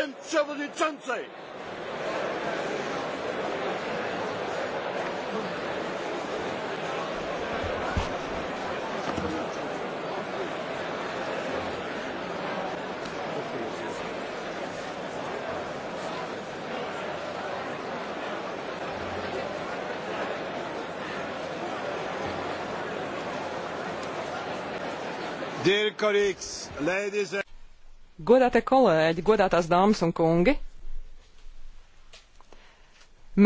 Pan przewodniczący! Dear colleagues, ladies and Godātie kolēģi, godātās dāmas un kungi,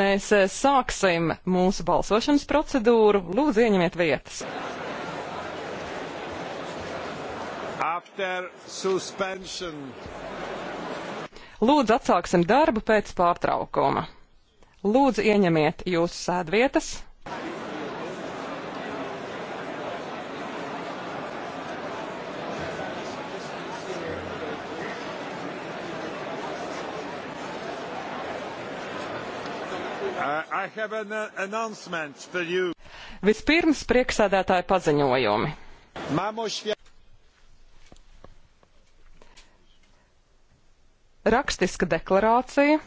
mēs eh, sāksim mūsu balsošanas procedūru. Lūdzu, ieņemiet vietas. Lūdzu, atsāksim darbu pēc pārtraukuma. Lūdzu, ieņemiet jūsu sēdvietas. Uh, Vispirms priekšsēdētāja paziņojumi. Rakstiska deklarācija.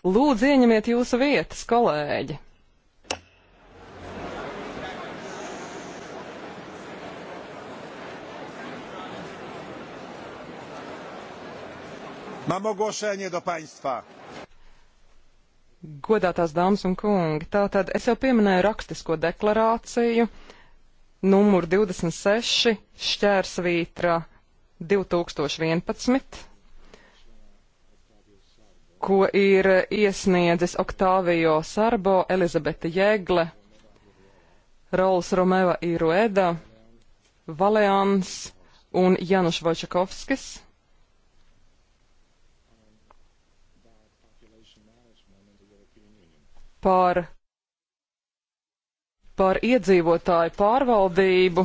Lūdzu, ieņemiet jūsu vietas, kolēģi! Mam ogłoszenie do państwa. Godātās dāmas un kungi, tātad es jau pieminēju rakstisko deklarāciju numur 26 šķērsvītra 2011, ko ir iesniedzis Oktāvijo Sarbo, Elizabete Jēgle, Rols Romeva Irueda, Valeans un Januš Vojčakovskis. par, par iedzīvotāju pārvaldību,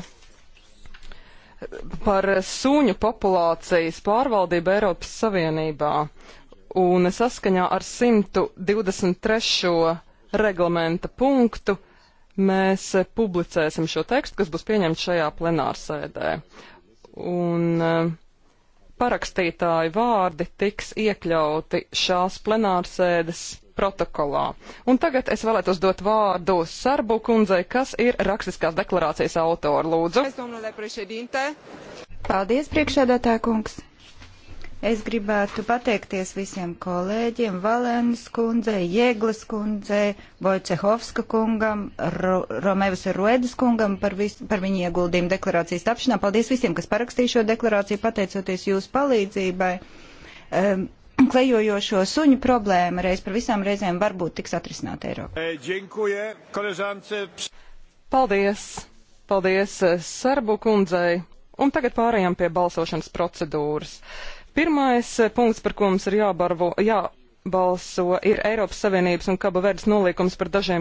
par suņu populācijas pārvaldību Eiropas Savienībā. Un saskaņā ar 123. reglamenta punktu mēs publicēsim šo tekstu, kas būs pieņemts šajā plenārsēdē. Un uh, parakstītāju vārdi tiks iekļauti šās plenārsēdes protokolā. Un tagad es vēlētos dot vārdu Sarbu kundzei, kas ir rakstiskās deklarācijas autora. Lūdzu. Paldies, priekšēdētāja kungs. Es gribētu pateikties visiem kolēģiem, Valēnas kundzei, Jēglas kundzei, Vojcehovska kungam, Ro Romevas Ruedas kungam par, vis, par viņu ieguldījumu deklarācijas tapšanā. Paldies visiem, kas parakstīja šo deklarāciju, pateicoties jūsu palīdzībai. Um, klejojošo suņu problēma reiz par visām reizēm varbūt tiks atrisināt Eiropā. E, Paldies! Paldies e, Serbu kundzei! Un tagad pārējām pie balsošanas procedūras. Pirmais eh, punkts, par ko mums ir jābarvo, jābalso, ir Eiropas Savienības un Kaba Verdes nolīkums par dažiem